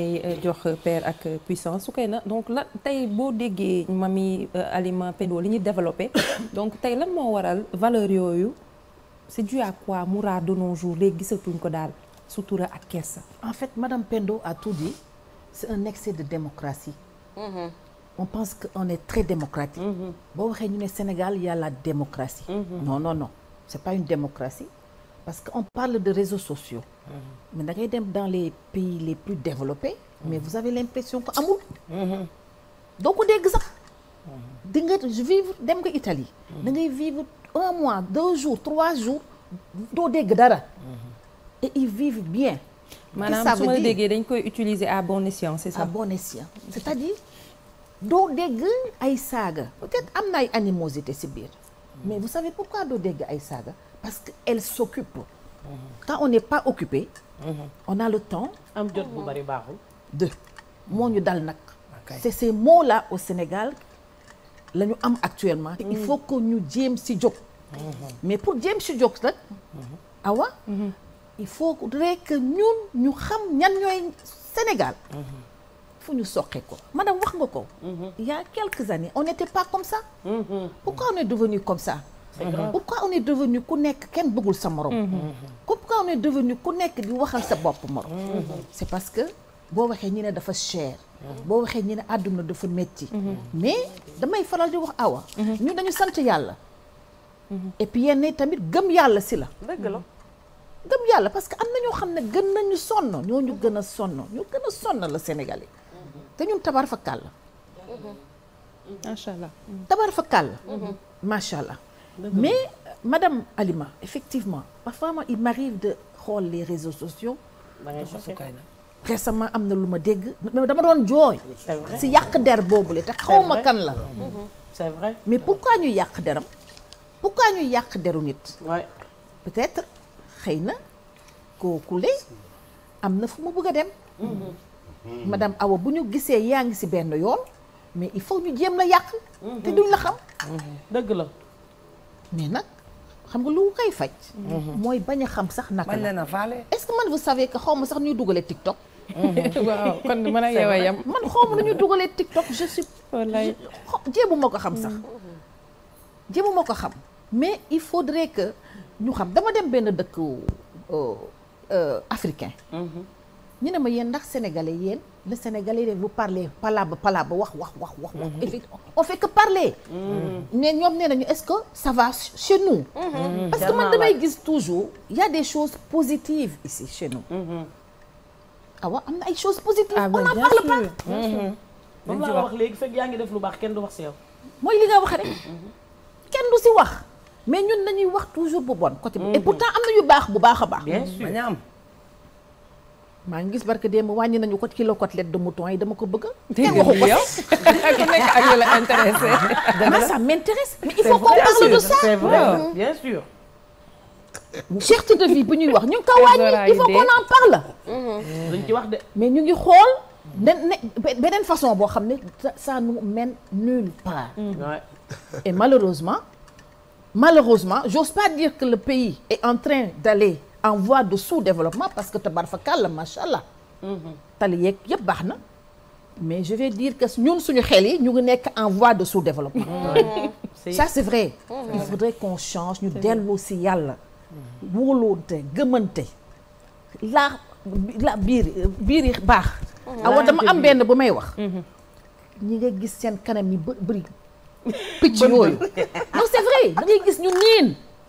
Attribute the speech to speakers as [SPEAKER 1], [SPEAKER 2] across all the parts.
[SPEAKER 1] ay euh, jox père ak puissance su koy na donc lan tey boo déggee Mamy euh, aliment Pédo li ñu développé donc tey lan moo waral valeur yooyu c'est dû à quoi mu raar jour nos jours léegi ko daal sutura ak kersa. en fait madame Pendo à tout dit c'est un excès de démocratie. Mm-hmm. on pense que on est très démocratique. Mm-hmm. boo waxee ñu ne Sénégal yàlla y a la démocratie. Mmh. non non c'est pas une démocratie parce que on parle de réseaux sociaux. Mm-hmm. mais da ngay dem dans les pays les plus développés. Mm-hmm. mais vous avez l'impression que amul. Mm-hmm. doo ko dégg sax. di nga vivre dem nga Italie. da ngay vivre un mois do jour trois jours doo dégg dara. et ils vivent bien. maanaam su ma déggee dañ koy utiliser à bon escient c'est ça. à bon escient c'est-à-dire doo dégg ay saaga peut-être am na ay animosité ci biir. mais vous savez pourquoi doo dégg ay saaga parce que elle s'occupe quand on n'est pas occupé on a le temps am jot bu bari baaxul de moo ñu dal nag c'est ces mots là au Sénégal lañu am actuellement il faut que ñu jéem si jóg mais pour jéem si jóg nag awa il faut que ñun ñu xam ñan ñooy Sénégal fu ñu soqe ko madame wax nga ko mhm. il y a quelques années on n'était pas comme ça mhm. pourquoi on est devenu comme ça Mhm. pourquoi on est devenu ku nekk kenn bëggul sa morom mhm. pourquoi on est ku nekk di waxal sa bopp morom mhm. c'est parce que boo waxee ñi ne dafa cher boo waxee ñi ne àdduna dafa metti mais damay faral di wax awa ñu dañu sant yàlla et puis tamit gëm yàlla si la dëgg la yàlla parce que am na ñoo xam ne gën nañu sonn ñooñu gën a gën a sonn la Sénégalais te ñun tabar fa kàll tabar fa kàll macha allah mais euh, madame Alima effectivement parfois ma il m'arrive de xool les réseaux sociaux sama am na lu ma dégg dama doon jooy si yàq der boobu la te xaw ma kan la mhm. c'est vrai mais pourquoi ñu yàq deram pourquoi ñu yàq deru nit peut-être xëy na kookule am na fu ma bëgg a dem mhm. madame Awa bu ñu gisee yaa ngi si benn yoon mais il faut ñu jéem la yàq mhm. te duñ la xam la mais nag xam nga lu koy faj. Mhm. mooy bañ a xam sax naka la est-ce que man vous savez que xaw ma sax ñuy dugalee TikTok. Mhm. waaw kon mën a yeewa yam. man xaw ma nu ñuy dugalee TikTok je suis. wallaay jéemu ma ko xam sax. jéemu ma ko xam mais il faudrait que ñu xam dama dem benn dëkku euh, euh, africain. Mhm. ñu ne ma yéen ndax sénégalais yéen le sénégalais rek bu parler palabre palabre wax wax wax wax wax mm-hmm. on fait que parler mm-hmm. mais ñoom nee nañu est-ce que ça va chez nous mm-hmm. parce que man damay gis toujours il y a des choses positives ici chez nous awa ah am na ay choses positives ah on n'en parle pas moom laa wax léegi fekk yaa ngi def lu baax kenn du wax si yow mooy li nga wax rek kenn du si wax mais ñun nañuy wax toujours bu bon côté et pourtant am na yu baax bu baax a baax bien sûr maa ngi gis barke démb wàññi nañu ko kilo côtelette de mouton yi dama ko bëgg. kenn waxu ko si ku nekk ak la intéressé. dama ça m'intéresse mais il faut qu'on parle de ça. c'est de vie bu ñuy wax ñu ngi ko wàññi il faut qu'on parle. Mm-hmm. ci wax mais ñu ngi xool. beneen façon boo xam ne ça nous mène nulle part. Mm-hmm. et malheureusement. malheureusement j'ose pas dire que le pays est en train d'aller en voie de sous-développement parce que te tabarfakàlla macha allah. Mhm. tali yeeg yëpp baax na. mais je vais dire que ñun suñu xel yi ñu ngi nekk en voie de sous-développement. Mhm. ça c'est vrai. Mhm. il faudrait qu'on change ñu dellu si yàlla. wóoloonte gëmante. la biir biir yi baax. awa dama am benn ba may wax. ñi nga gis seen kanam yi bë bëri. picc yooyu non c'est vrai da gis ñu niin.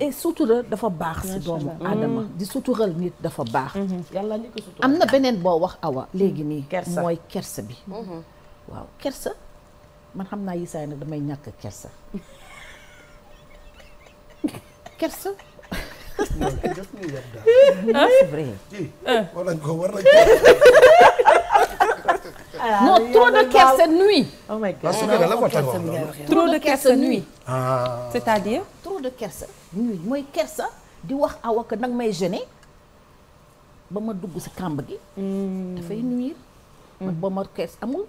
[SPEAKER 1] et sutura dafa baax si doomu aadama mm. di sutural nit dafa baax mm-hmm. am na beneen boo wax awa léegi nii mooy kersa bi mm-hmm. waaw kersa man xam naa yisaay nag damay ñàkk kersa kersa ah, c'est vrai de kersa nuit. oh ah, trop de kersa nuit. Ah. c'est-à-dire. trop de kersa nuit mooy kersa di wax awa nag may gêner ba ma dugg si kàmb gi. Hmm. dafay nuire. Hmm. ba ma kersa amul.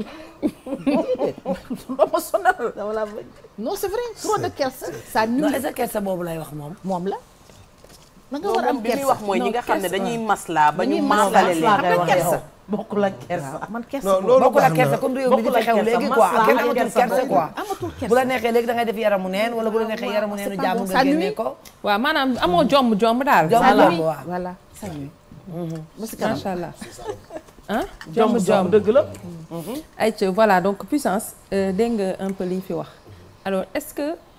[SPEAKER 1] doo c'est vrai trop de kersa. ça nuit sa boobu lay wax moom moom la. na nga war a am bi muy wax mooy ñi nga xam ne dañuy maslaa ba ñu maslale leen am nga kersa bokkul ak kersa ah, man kersa non loolu bokkul ak kersa comme réew mi di fi xew léegi quoi kenn amatul kersa quoi amatul kersa bu la neexee léegi da ngay la neexee ah, yaramu neenu jàmm nga génne ko waaw maanaam amoo jomb jomb daal jomb voilà sañuy mhm. macha allah jomb ah, jomb dëgg la mhm. mhm. ay voilà donc puissance euh, dégg nga un peu li ñu fi wax alors est-ce que